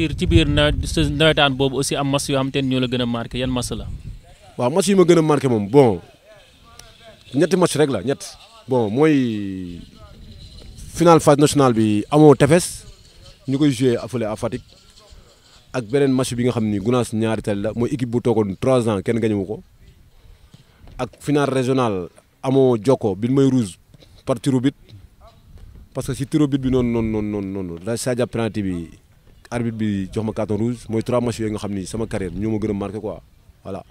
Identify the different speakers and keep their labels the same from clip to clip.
Speaker 1: biir ci biir nawet sa nawetaan boobu aussi am match yoo xam te ne ñoo la gën a marqué yan match la.
Speaker 2: waaw match yi ma gën a marqué moom bon
Speaker 1: ñetti match rek la ñett
Speaker 2: bon mooy final phase nationale bi amoo tefes ñu koy joué fële à Fatick ak beneen match bi nga xam ni Gunaas ñaari tel la mooy équipe bu toogoon 3 ans kenn gañu ko ak final régional amoo Jokko bi may rouge par tiro bit parce que si tiro bit bi noonu noonu noonu noonu la Sadio Prati bi arbitre bi jox ma carton rouge moy trois matchs yooyu nga xamni sama carrière ñoo ma gëna a marqué quoi
Speaker 1: voilà.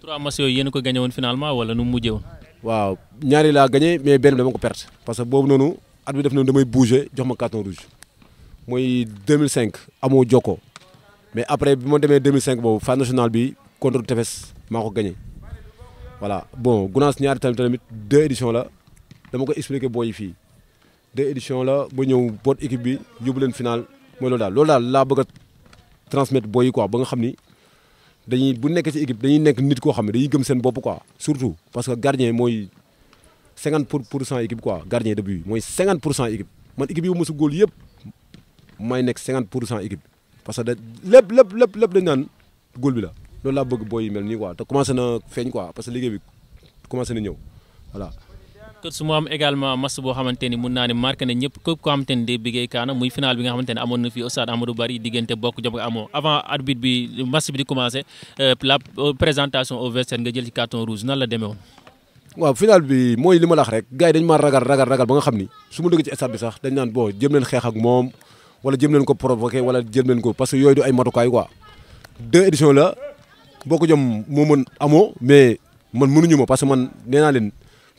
Speaker 1: trois matchs yooyu yéen ko gagné won finalement wala nu mu mujjee waaw ñaari
Speaker 2: la gagné mais benn dama ko perte parce que bobu nonu arbitre def na damay bouger jox ma carton rouge moy 2005 amo joko mais après bi ma 2005 bobu phase nationale bi contre Tefes maa ko gagné voilà bon gounas ñaari tamit tamit deux éditions la dama ko expliquer boy fi deux éditions la bo ñëw bot équipe bi yóbbu leen finale moy ce que je veux transmettre boy quoi ba nga équipe dañuy nekk nit quoi surtout parce que gardien moy 50 équipe quoi gardien de but 50 équipe man équipe yu nekk 50 équipe parce que lepp lepp Vous lepp dañ bi la lolu la bëgg mel quoi te commencé na quoi parce que ligue bi commencé na ñëw voilà.
Speaker 1: Kër Suma am également match boo xamante ni mun naa ne marqué na ñëpp képp koo xamante kaana muy final bi nga xamante ne amoon na fii au stade Amadou Barry diggante bokk jom euh, la euh, présentation au vestiaire li
Speaker 2: ma la wax rek gars yi dañu ma dëgg ko provoqué wala jëm leen ko parce mais man mënuñu ma parce man nee leen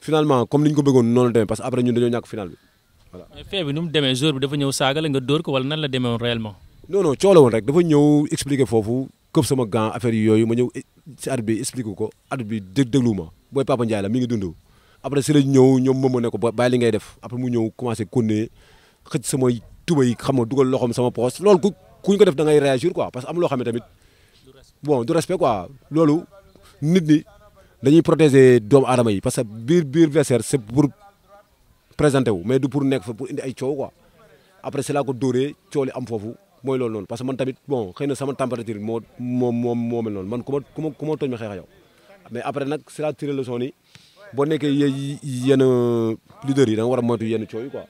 Speaker 2: finalement comme ni ñu ko bëggoon noonu la demee parce que après ñun dañoo ñàkk final bi
Speaker 1: voilà. fee bi nu mu demee jour bi dafa ñëw saaga la nga dóor ko wala nan la demee woon réellement.
Speaker 2: non non woon rek dafa ñëw expliquer foofu këpp sama gant affaire yooyu ma ñëw eh, si at bi expliquer ko at bi dé déglu ma booy Papa Ndiaye la mi ngi dund. après si la ñëw ñoom moom ne ko bàyyi li ngay def après mu ñëw commencé konne xëcc samay tuba yi xam nga dugal loxoom sama poos loolu ku kuñ ko def da ngay réagir quoi parce que loo xam ne tamit bon du respect quoi dañuy protéger doomu adama yi parce que biir biir Versailles c'est pour présenter wu mais du pour nekk fa pour indi ay coow quoi après si ko dóoree coow li am foofu mooy loolu noonu parce que man tamit bon xëy na sama température moo moo moo moo mel noonu man ku ma ku ma ku ma tooñ ma xeex yow
Speaker 1: mais après na si laa tiré leçon ni
Speaker 2: boo nekkee yenn leaders yi da nga war a yenn coow yi quoi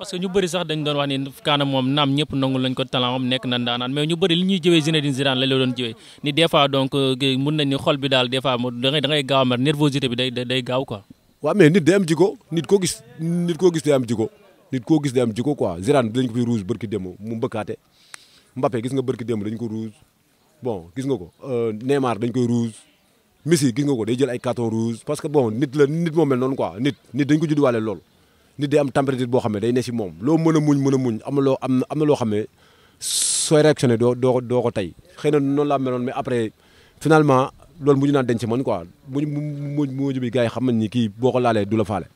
Speaker 1: parce que ñu bëri sax dañ doon wax ni Kaana moom naam ñëpp nangul lañ ko nekk na ndaanaan ñu bëri li ñuy jëwee Zinedine Zidane la la doon jëwee ni des fois euh, mun nañ ni xol bi daal des gaaw a mer nervosité bi day day gaaw quoi.
Speaker 2: waaw mais nit day am jiko nit koo gis koo gis day am jiko nit koo gis day am jiko quoi Zidane dañ ko fi rouge bërki démo mu mbëkkaate Mbappé gis nga bërki démo dañ ko rouge bon gis nga ko euh, Neymar dañ koy rouge Messi gis nga ko day jël ay carton rouge que bon nit la nit moo nit nit dañ ko juddwaale loolu nit day am température boo xam ne day ne si moom loo mën a muñ mën a muñ am loo am am na xam ne sooy réactionné doo doo doo ko tey xëy na noonu laa meloon mais après finalement loolu mujj naa denc man quoi mu mu mu bi gars yi xam nañ ni kii boo ko laalee du la faale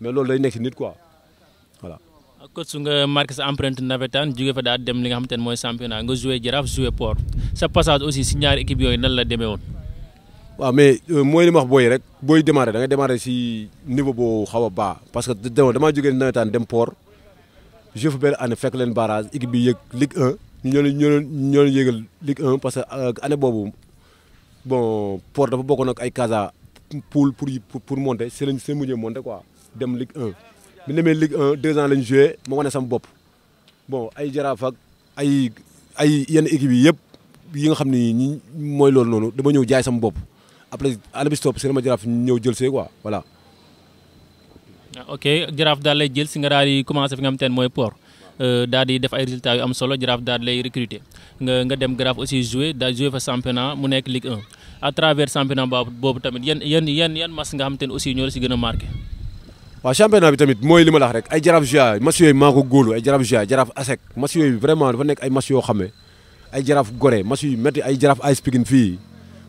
Speaker 2: mais loolu day nekk nit quoi voilà.
Speaker 1: a su nga marqué sa empreinte navétane jóge fa daal dem li nga xamante mooy championnat nga joué Jaraaf joué Port sa passage aussi si ñaari équipe yooyu nan la demee woon.
Speaker 2: waaw mais euh, mooy li ma wax booy rek boy démarrer da nga démarrer ci niveau bo xawa ba parce que dama damaa jógee nawetaan dem port jeu fa benn année fek len barrage équipe bi yëg Ligue 1 ñu ñu ñu ñoo Ligue 1 parce que euh, année bobu bon port dafa bokkoon ak ay casa poule pour pour monter c'est le seen mujjee monter quoi dem Ligue 1. bi demee Ligue 1 2 ans lañ jouer mo wone sama bop bon ay jaraaf ak ay ay yene équipe yi yëpp yi nga xamni ni mooy loolu noonu dama ñëw jaay sama bop après àll bi stop Cinéma Jaraaf ñëw jël see quoi voilà.
Speaker 1: ok Jaraaf daal lay jël si nga daal di commencé fi nga xamante ne mooy port euh, daal di def ay résultats yu am solo Jaraaf daal di lay recruter nga nga dem Jaraaf aussi jouer daal jouer fa championnat mu nekk Ligue 1 travers championnat boobu tamit yan yan yan yan match nga xamante ne aussi ñoo la si gën a marqué.
Speaker 2: waaw championnat bi tamit mooy li ma la rek ay Jaraaf Gia match yooyu maa ko góolu ay Jaraaf Gia Jaraaf ASEC match yooyu vraiment dafa nekk ay match yoo xam ne ay Jaraaf Gorée match yu métti ay Jaraaf AS Pikine fii.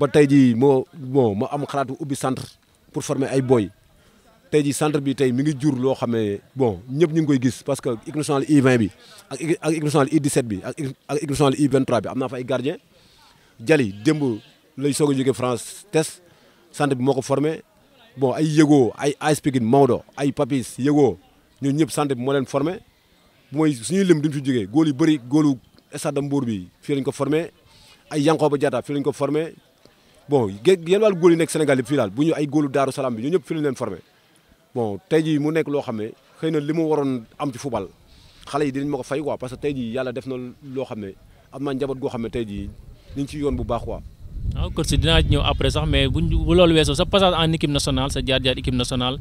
Speaker 2: ba tey jii moo bon ma am xalaatu ubbi centre pour former ay boy tey jii centre bi tey mi ngi jur loo xam ne bon ñëpp ñu ngi koy gis parce que équipe nationale U20 bi ak ak équipe nationale U17 bi ak ak équipe nationale U23 bi am naa fa ay gardien Jali démb lay soog a jógee France test centre bi moo ko formé bon ay Yego ay AS Pikine Maodo ay Papis Yego ñun ñëpp centre bi moo leen formé mooy suñuy lim duñ fi jógee góol yu bëri góolu stade Mbour bi fii lañ ko formé ay Yankoba Diatta fii lañ ko formé bon yéen wàllu góor yi nekk Sénégal yëpp fii daal bu ñu ay góolu daaru bi ñoo ñëpp fi lañ leen bon tey jii mu nekk loo xam ne xëy na li ma waroon am ci football xale yi dinañ ma ko fay quoi jii yàlla def na loo xam ne am naa njaboot goo xam ne tey jii bu baax quoi
Speaker 1: waaw ah, kon si dinaa ñëw après sax mais bu loolu weesoo sa passage en équipe nationale sa jaar-jaar équipe nationale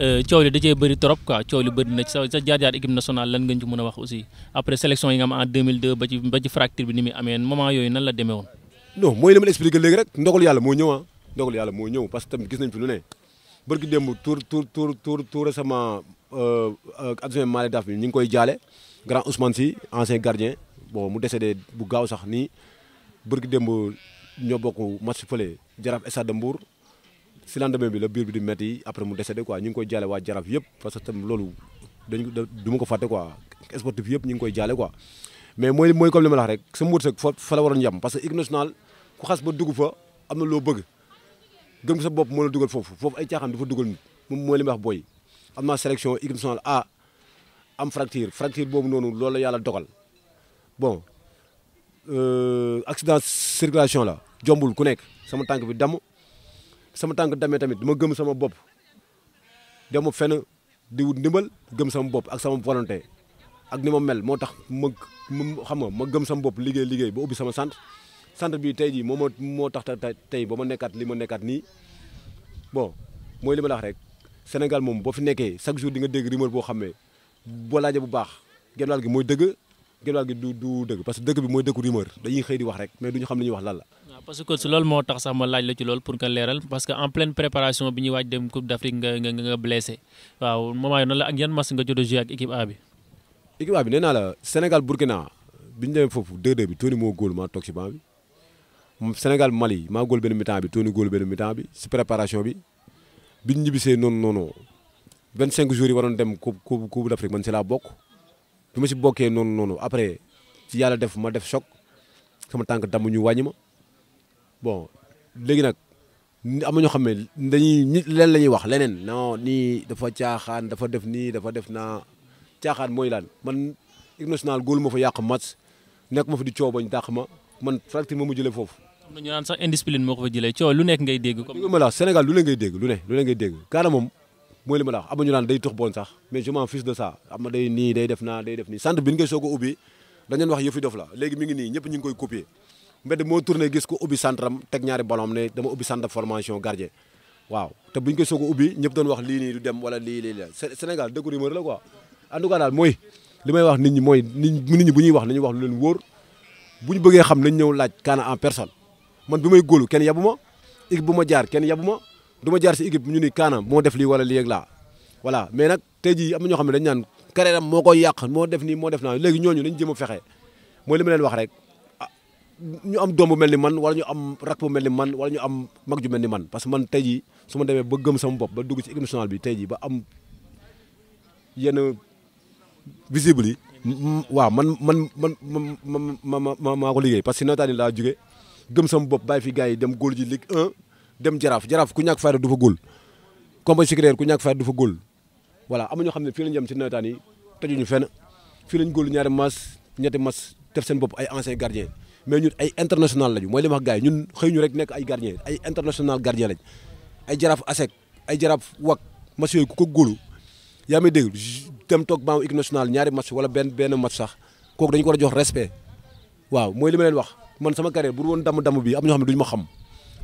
Speaker 1: euh, coow li da cee bëri trop quoi coow li bëri na sa jaar-jaar équipe nationale lan nga ñu ci a wax aussi après sélection yi nga am en 2002 ba ci ba ci fracture bi ni muy amee moment yooyu nan la demee
Speaker 2: non mooy li ma la expliqué léegi rek ndogalu yàlla moo ñëw ah ndogalu yàlla moo ñëw parce que tamit gis nañ fi lu ne bërki démb tour tour tour tour sama euh, adjoint Malick Daf bi ñu ngi koy jaale grand Ousmane Sy ancien gardien bon mu décédé bu gaaw sax ni bërki démb ñoo bokk match fële Jaraaf Stade de Mbour si lendemain bi la biir bi di metti après mu décédé quoi ñu ngi koy jaale waa Jaraaf yëpp parce que tam loolu dañ du ma ko fàtte quoi yëpp ñu ngi koy jaale quoi mais mooy mooy comme li ma ku xas ba dugg fa am na je bëgg gëm sa bopp moo la dugal foofu ay dafa dugal wax am selection sélection A am fracture fracture boobu noonu loolu la pas dogal bon euh, accident circulation la jombul ku nekk sama tànk bi damm sama tànk damee tamit dama pas sama bopp dama fenn di wut ndimbal gëm sama bopp ak sama volonté ak ni ma mel pas ma xam nga ma sama Il sama centre bi tey jii moom moo tax tey ba ma nekkaat li ma nekkaat nii bon mooy li ma la wax rek Sénégal moom boo fi nekkee chaque jour di nga dégg rumeur boo xam ne boo laajee bu baax genn wàll gi mooy dëgg genn wàll gi du du dëgg parce que dëgg bi mooy dëkku rumeur dañuy xëy di wax rek mais duñu xam li ñuy wax lan la.
Speaker 1: waaw parce que si loolu moo tax sax ma laaj la ci loolu pour nga leeral parce que en pleine préparation bi ñuy waaj dem Coupe d'Afrique nga nga jot a joué ak A bi.
Speaker 2: équipe A bi foofu 2-2 moo góol maa toog si bi Sénégal Mali maa góol benn mi-temps bi Tony góol benn mi-temps bi si préparation bi biñ ñibbisee noonu noonu 25 jours yi waroon dem coupe coupe coupe d'Afrique man si laa bokk bi ma si bokkee noonu noonu après ci yàlla def ma def choc sama tànk damm ñu wàññi ma bon léegi nag am ñoo xam ne dañuy nit leen la ñuy wax leneen non nii dafa caaxaan dafa def nii dafa def naa caaxaan mooy laan man international góolu ma fa yàq match nekk ma fa di coow bañ dàq ma man pratiquement ma mu jëlee foofu
Speaker 1: am na ñu naan sax indiscipline moo lu ma la
Speaker 2: Sénégal lu ne ngay dégg lu ne lu ne ngay dégg Kaana moom mooy li ma la wax amuñu naan day tux bon sax mais je m'en de ça am na day nii day def naa day def nii centre bi nga soog a ubbi dañ ngi nii ñëpp ñu ko ubbi centre am teg ñaari ballon ne dama ubbi centre de formation gardien waaw te buñ ko soog ubbi ñëpp doon wax lii nii du dem wala lii lii la Sénégal dëkku rumeur la quoi en tout cas daal mooy li may wax nit ñi mooy nit ñi bu ñuy wax nañu wax lu leen wóor bu ñu bëggee xam nañ ñëw laaj Kaana en personne man bi may góolu kenn yabu ma équipe bu ma jaar kenn yabu ma du ma jaar si équipe ñu ni kaana moo def lii wala lii ak laa voilà nag tey jii am na ñoo xam ne dañu naan moo ko yàq moo def ni moo def naa léegi ñooñu dañu jëm a fexe moo li ma leen wax rek ah, ñu am doom bu mel ni man wala ñu am rak bu mel ni man wala ñu am mag ju mel ni man parce que man tey jii su ma demee ba gëm sama bopp ba dugg ci équipe nationale bi tey jii ba am yenn visible yi waaw man man man ma man ma maa ko liggéey parce que si nawetaan yi laa jóge gëm sama bopp bàyyi fi gars yi dem góol ji Ligue 1 dem jaraaf jaraaf ku ñàkk fayda du fa góol combat sécrétaire ku ñàkk fayda du fa góol voilà am ñoo xam ne fii lañ jëm ci nawetaan yi tajuñu fenn fii lañ góolu ñaari mas ñetti mas def seen bopp ay ancien gardien mais ñun ay international lañu mooy li ma wax gars ñun xëy ñu rek nekk ay gardien ay international gardien lañ ay jaraaf asec ay jaraaf wak mas yooyu ko góolu yaa may dégg dem toog baamu équipe nationale ñaari match wala benn benn match sax kooku dañu ko a jox respect waaw mooy li ma leen wax man sama carrière bu woon damm-damm bi am ñoo xam ne duñu ma xam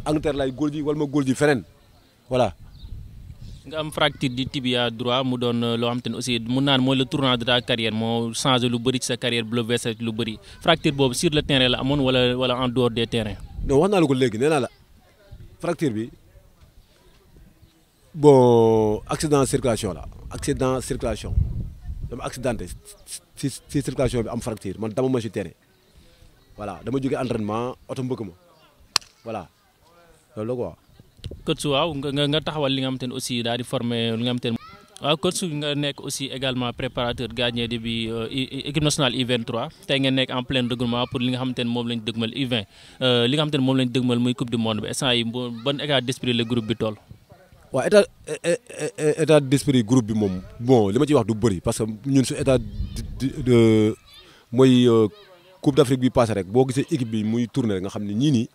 Speaker 2: Angleterre laay góor ji wala ma góor ji feneen voilà.
Speaker 1: nga am fracture du tibia droit mu doon euh, loo xam te ne aussi mun naan mooy le tournant de ta carrière moo changé lu bëri ci sa carrière bouleversé lu bëri fracture boobu sur le terrain la amoon wala wala en dehors des terrains.
Speaker 2: non wax naa la ko léegi nee la fracture bi bon accident circulation la accident circulation dama accidenté si si circulation bi am fracture man dama ma si terrain. voilà dama jóge entraînement oto mbëkk ma voilà loolu la quoi.
Speaker 1: coach waaw nga nga taxawal li nga xamante ne aussi daal di former li nga xamante ne. waaw coach nga nekk aussi également préparateur gardien de bi euh, équipe nationale U23 tey ngeen nekk en plein regroupement pour li nga xamante ne moom lañ dëgmal U20 euh, li nga xamante ne moom lañ mal muy coupe du monde bi instant yi ban état d'esprit le groupe bi toll.
Speaker 2: waaw état état d'esprit groupe bi li ma ciy wax du bëri parce que ñun su état euh, coupe d'Afrique bi passé rek boo gisee équipe bi muy tourné rek nga xam ne ñii nii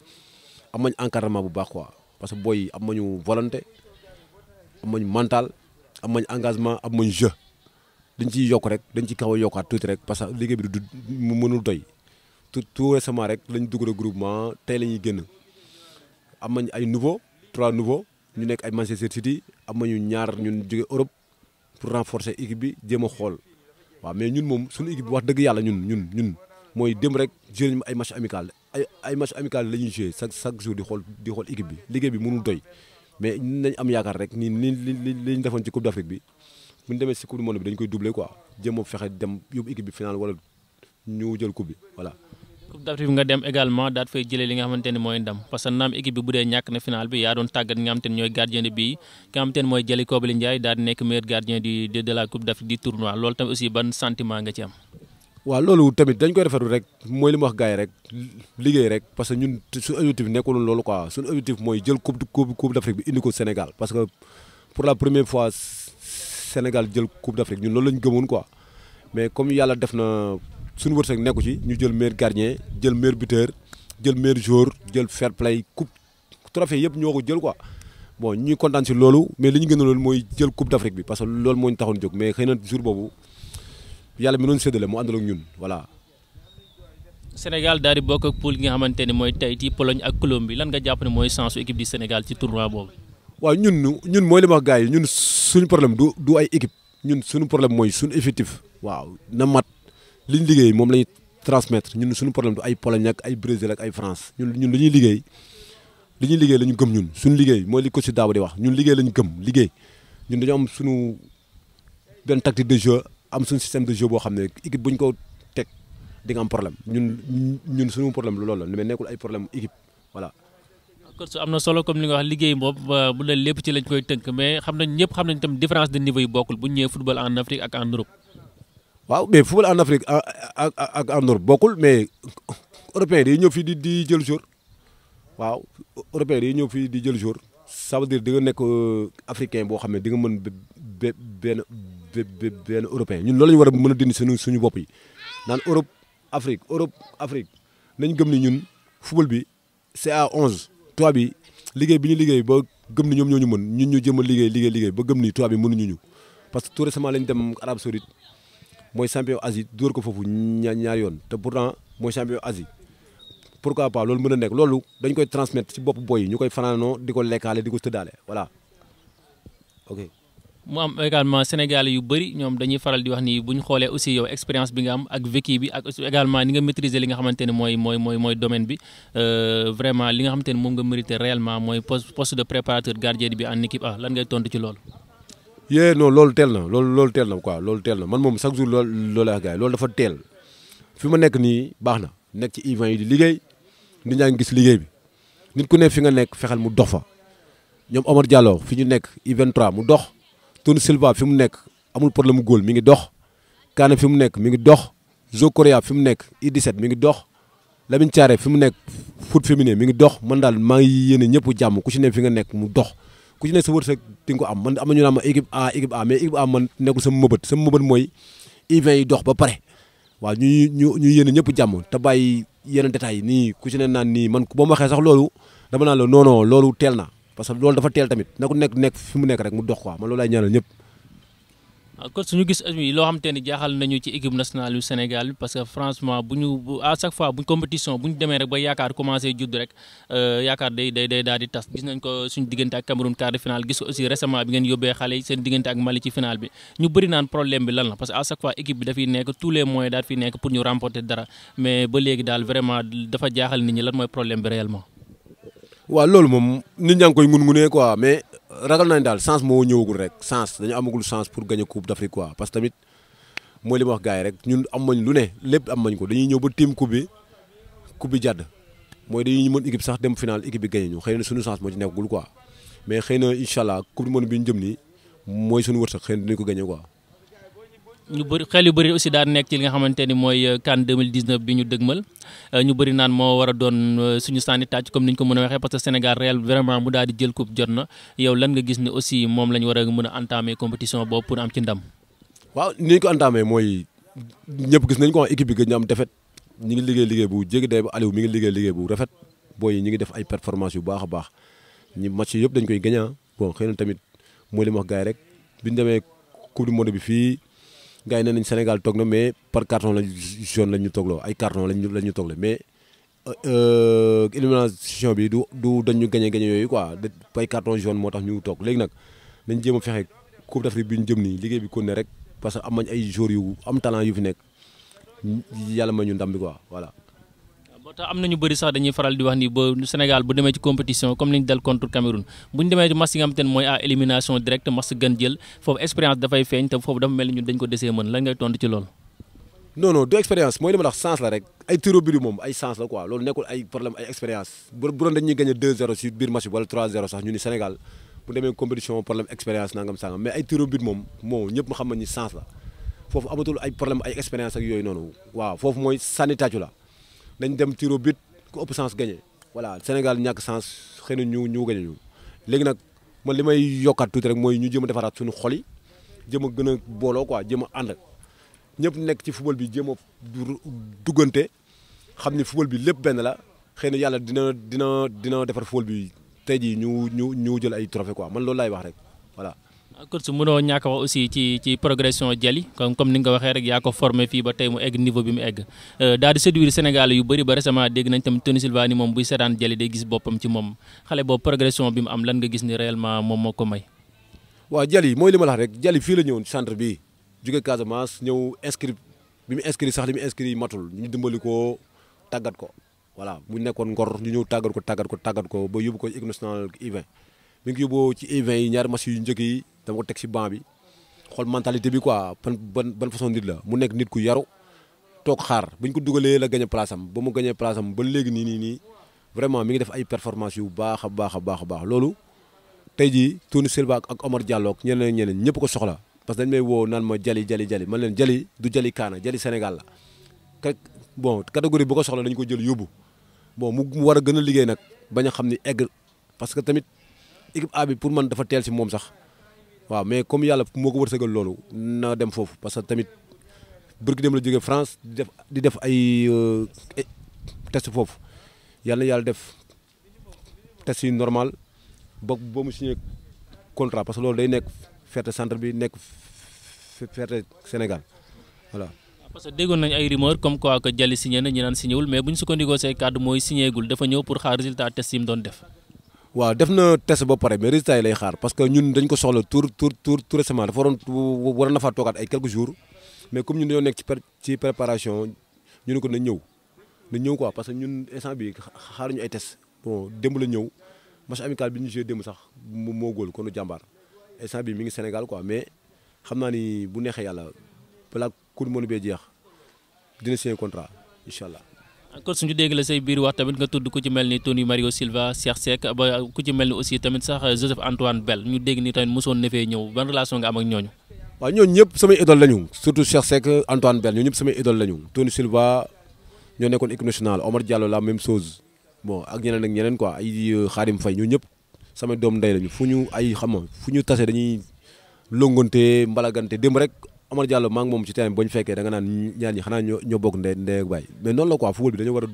Speaker 2: am nañ encadrement bu baax quoi parce que booy am nañu volonté am nañ mental am nañ engagement am nañ jeu dañ ciy yokk rek dañ ci kaw a yokkaat tuuti rek parce que liggéey bi du mu mënul doy tout tout récemment rek lañ dugg groupement tey la ñuy génn am nañ ay nouveau trois nouveau ñu nekk ay Manchester City am nañu ñaar ñun jóge Europe pour renforcer équipe bi jéem a xool waaw mais ñun moom suñu équipe wax dëgg yàlla ñun ñun ñun moy dem rek jël nañu ay match amical ay ay match amical lañu ñuy chaque chaque jour di xol di xol équipe bi ligue bi mënul doy mais nañ am yaakar rek ni ni li li ci coupe d'Afrique bi bu démé ci coupe du monde bi dañ koy doubler quoi jéem a fexe dem yob équipe bi final wala ñu jël coupe bi voilà.
Speaker 1: coupe d'Afrique nga dem également daat fay jëlé li nga xamante moy ndam parce que naam équipe bi budé ñak na final bi ya doon tagat nga xamante ñoy gardien de bii nga xamante ne mooy Jali Kobali Ndiaye daal di nekk meilleur gardien du de la coupe d'Afrique du tournoi loolu tam aussi ban sentiment nga ci am.
Speaker 2: waaw loolu tamit dañ koy rafetlu rek mooy li ma wax gars yi rek liggéey rek parce que ñun suñu objectif nekkul loolu quoi suñu objectif mooy jël coupe coupe d'Afrique bi indi ko Sénégal parce que pour la première fois Sénégal jël coupe d'Afrique ñun loolu lañ gëmoon quoi mais comme yàlla def na suñu wërsëg nekku ci ñu jël meilleur gardien jël meilleur buteur jël meilleur joueur jël fair play coupe trophée yëpp ñoo ko jël quoi bon ñuy kontaan si loolu mais li ñu gën a loolu jël coupe d'Afrique bi parce que loolu moo ñu taxoon jóg mais xëy na jour boobu. yàlla mi doon séddale mu àndal ak ñun voilà.
Speaker 1: Sénégal daal di bokk ak poule nga xamante ne mooy Tahiti Pologne ak Colombie lan nga jàpp ne mooy sensu équipe du Sénégal ci tournoi boobu.
Speaker 2: waaw ñun ñun mooy li ma wax gars yi ñun suñu problème du du ay équipe ñun suñu problème mooy suñu effectif. waaw na mat li ñu liggéey moom la ñuy transmettre ñun suñu problème du ay Pologne ak ay Brésil ak ay France ñun ñun li ñuy liggéey li ñuy liggéey la ñu gëm ñun suñu liggéey mooy li ko si daaba di wax ñun liggéey la ñu gëm liggéey ñun dañoo suñu benn de am suñu système de jeu boo xam ne équipe bu ñu ko teg di am problème ñun ñun suñu problème lu loolu la mais nekkul ay problème équipe voilà.
Speaker 1: kon su am na solo comme li nga wax liggéey moom bu ne lépp ci lañ koy tënk mais xam na ñëpp xam nañ tam différence de niveau yi bokkul bu ñu ñëwee football en Afrique
Speaker 2: waaw mais football en Afrique ak ak en Europe bokkul mais européen day ñëw fii di di jël jour. waaw européen day ñëw fii di jël jour ça veut dire di nga nekk euh, africain boo xam ne di nga mën benn. benn européen ñun loolu la ñu war a mën a dindi suñu suñu naan Europe Afrique Europe Afrique nañ gëm ni ñun football bi c'est à 11 bi liggéey bi ñu liggéey ba gëm ni ñoom ñoo ñu mën ñun ñu jëm a liggéey liggéey liggéey ba gëm ni tubaab bi mënuñu ñu parce que tout récemment lañ dem Arabie Saoudite mooy champion Asie dóor ko foofu ñaar yoon te pourtant mooy champion Asie pourquoi pas loolu mën a nekk loolu dañ koy transmettre si bopp boy yi ñu koy fanaanoo di ko lekkaale di ko tëddaale voilà
Speaker 1: mu am également sénégal yu bëri ñoom dañuy faral di wax ni bu ñu xoolee aussi yow expérience bi nga am ak vécu bi ak également ni nga maîtriser li nga xamante ne mooy mooy mooy mooy domaine bi euh, vraiment li nga xamante ne moom nga mérité réellement mooy poste de préparateur gardien bi en équipe A lan ngay tontu ci loolu.
Speaker 2: yee non loolu teel na loolu loolu teel na quoi loolu teel na man moom chaque jour loolu loolu a gars yi loolu dafa teel fi ma nekk nii baax na nekk ci event yi di liggéey nit ñaa ngi gis liggéey bi nit ku ne fi nga nekk fexeel mu dox fa ñoom Omar Diallo fi ñu nekk U23 dox. Tony Silva fi mu nekk amul problème mu góol mi ngi dox Kane fi mu nekk mi ngi dox Zocorea fi mu nekk U17 mi ngi dox Lamine Thiaré fi mu nekk foot féminin mi ngi dox man daal maa ngi yéene ñëpp jàmm ku ci ne fi nga nekk mu dox ku ci nekk sa di nga ko man am na ñu naan A équipe A mais équipe A man nekkul sama mëbët dox ba pare waaw ñuy ñu ñu yéene ñëpp jàmm te bàyyi yenn détails yi nii ku ci naan nii man ba mu waxee sax loolu dama naan la non loolu teel na parce que loolu dafa teel tamit na ku nekk nekk fi mu nekk rek mu dox quoi man loolu laay ñaanal ñëpp.
Speaker 1: waaw kon suñu gis loo xam te ne jaaxal nañu ci équipe nationale yu parce que franchement bu ñu à chaque fois bu compétition bu ñu demee rek ba yaakaar commencé judd rek euh, yaakaar day day day daal di tas gis nañ ko suñu diggante ak Cameroun quart de finale gis ko aussi récemment bi ngeen yóbbee xale seen diggante ak Mali ci finale bi ñu bëri naan problème bi lan la parce que à chaque fois équipe
Speaker 2: waaw loolu moom nit ñaa ngi koy ngun-ngunee quoi mais ragal nañ daal chance moo ñëwagul rek chance dañu amagul chance pour gagner coupe d'Afrique quoi parce que tamit mooy li ma wax gars yi rek ñun am nañ lu ne lépp am nañ ko dañuy ñëw ba tiim coupe bi coupe bi jàdd mooy dañuy mën équipe sax dem final équipe bi ñu xëy na suñu chance moo ci nekkagul quoi mais xëy na incha allah coupe du monde bi ñu jëm nii mooy suñu wërsëg xëy na dinañ ko gagné quoi.
Speaker 1: ñu bëri xel yu bëri aussi daan nekk ci li nga xamante ni mooy euh, CAN 2019 bi ñu dëgmal euh, ñu bëri naan moo war a doon euh, suñu sànni tàcc comme ni ñu ko mën a waxee parce que Sénégal réel vraiment mu daal di jël coupe jot na yow lan nga gis ne aussi moom la ñu war a mën a entame compétition boo pour am ci ndam. waaw ni ñu ko
Speaker 2: entamer mooy ñëpp gis nañ ko équipe bi gën am dafet ñu ngi liggéey liggéey bu jéggi day ba Aliou mi ngi liggéey liggéey bu rafet booy ñi ngi def ay performance yu baax a baax ñi match yëpp dañ koy gañaa ah. bon xëy na tamit mooy li ma wax gars demee coupe bi fii gars yi nee nañ Sénégal toog na mais par carton lañ jaune lañ ñu toogloo ay carton lañ ñu lañ ñu toogle mais euh, élimination bi du du dañ ñu gañe gañe yooyu quoi ay carton jaune moo tax ñu toog léegi nag nañ jéem a fexe Coupe d'Afrique bi ñu jëm nii liggéey bi kon ne rek parce que am nañ ay joueurs yu am talent yu fi nekk yàlla ma ñu ndam bi quoi voilà.
Speaker 1: te am nañu bëri sax dañuy faral di wax ni ba Sénégal bu demee ci compétition comme ni dal contre Cameroun bu ñu demee ci match yi nga xam mooy à élimination directe match gën jël foofu expérience dafay feeñ te foofu dafa mel ni ñun dañ ko desee mën lan ngay tontu ci loolu
Speaker 2: non non du expérience mooy li ma wax sens la rek ay tiro bi moom ay sens la quoi loolu nekkul ay problème ay expérience bu doon dañuy gagner 2-0 si biir match wala 3-0 sax ñu ni Sénégal bu demee compétition problème expérience nangam sangam mais ay tiro but moom moo ñëpp ma xam nañ ni sens la foofu amatul ay problème ay expérience ak yooyu noonu waaw foofu mooy sànni la dañ dem tiro bit ku ëpp chance gagné voilà Sénégal ñàkk chance xëy na ñu ñu gagné ñu léegi nag man li may yokkaat tuuti rek mooy ñu jëm a defaraat suñu xol yi jëm a gën a booloo quoi jëm a ànd ñëpp nekk ci football bi jëm a duggante xam ni football bi lépp benn la xëy na yàlla dina dina dina defar football bi te jii ñu ñu ñu jël ay trophée quoi man loolu laay wax rek
Speaker 1: coach mënoo ñàkk wax aussi ci ci progression Jali comme comme ni nga ko waxee rek yaa ko formé fii ba tey mu egg niveau bi mu egg euh, daal di séduire Sénégal yu bëri ba récemment dégg nañ tamit Tony Silva ni moom buy seetaan Jali day gis boppam ci moom xale boobu progression bi mu am lan nga gis ni réellement moom moo may.
Speaker 2: waaw Jali mooy li ma la rek Jali fii la ñëwoon centre bi jóge Casamance ñëw inscrit bi mu inscrit sax li mu inscrit matul ñu dimbali ko tàggat ko voilà mu nekkoon ngor ñu ñëw tàggat ko tàggat ko tàggat ko ba yóbbu ko équipe nationale mi ngi yóbboo ci yi ñaari yu yi dama ko tek ci ban bi xol mentalité bi quoi ban ban ban façon nit la mu nek nit ku yaru tok xaar buñ ko dugalé la gagné place am bamu mu gagné place am ba légui ni ni ni vraiment mi ngi def ay performance yu a baax baax lolu tay ji Tony Silva ak Omar Diallo ak ñeneen ñeneen ñëpp ko soxla parce dañ may wo nan ma jali jali jali man len jali du jali kana, jali Sénégal la ka bon catégorie bu ko soxla dañ ko jël yobbu bon mu wara gëna gën liggéey nag bañ ni parce que tamit équipe A bi pour man dafa tel ci mom sax waaw mais comme yàlla moo ko wërsëgal loolu naa dem foofu parce que tamit burki dem la jógee France di def di def ay euh, e-, test foofu yàlla yàlla def test yi normal ba ba mu signé contrat parce que loolu day nekk ferte centre bi nekk ferte Sénégal voilà.
Speaker 1: parce que déggoon nañ ay rumeur comme quoi que Jali signé na ñi naan signéwul mais bu ñu sukkandikoo say kàddu mooy signéegul dafa ñëw pour xaar résultat test yi mu doon def.
Speaker 2: wa def a test ba mais résultat parce que nous, dañ ko le tour tour tour tour récemment na quelques jours mais comme nous avons une préparation nous ne ko Nous sommes quoi parce que nous instant bi xaaruñu test bon la ñëw match amical bi ñu joué sax le quoi mais je ni bu contrat
Speaker 1: kon suñu dégg la say biir wax tamit nga tudd ku ci mel ni Tony Mario Silva Cheikh ba ku ci mel ni aussi tamit sax euh, Joseph Antoine Bell ñu dégg ni tamit mosoon na fee ñëw ban relation nga am ak ñooñu.
Speaker 2: waaw ñooñu ñëpp samay idole lañu surtout Cheikh Antoine Bell ñooñu ñëpp samay idole lañu Tony Silva ñoo nekkoon équipe nationale Omar Diallo la même chose bon ak ñeneen ak ñeneen quoi ay Xaadim euh, Fay ñooñu ñëpp samay doom ndey lañu fu ñu ay xam fu ñu tase dañuy longonte mbalagante Amar Diallo maa ngi moom ci terrain bi ba ñu fekkee da nga naan ñaar ñi xanaa ñoo ñoo bokk ndey ndey ak baay mais noonu la quoi football bi dañoo war a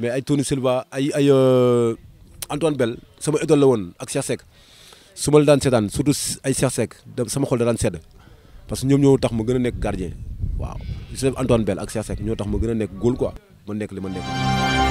Speaker 2: mais ay Tony Silva ay euh, Antoine Bell sama idole la woon ak Cheikh Seck su ma daan seetaan surtout ay Cheikh Seck sama xol da daan sedd parce que ñoom ñoo tax ma gën a nekk gardien waaw su def Antoine Bell ak Cheikh Seck ñoo tax ma gën a nekk góol quoi ma nekk li ma nekk.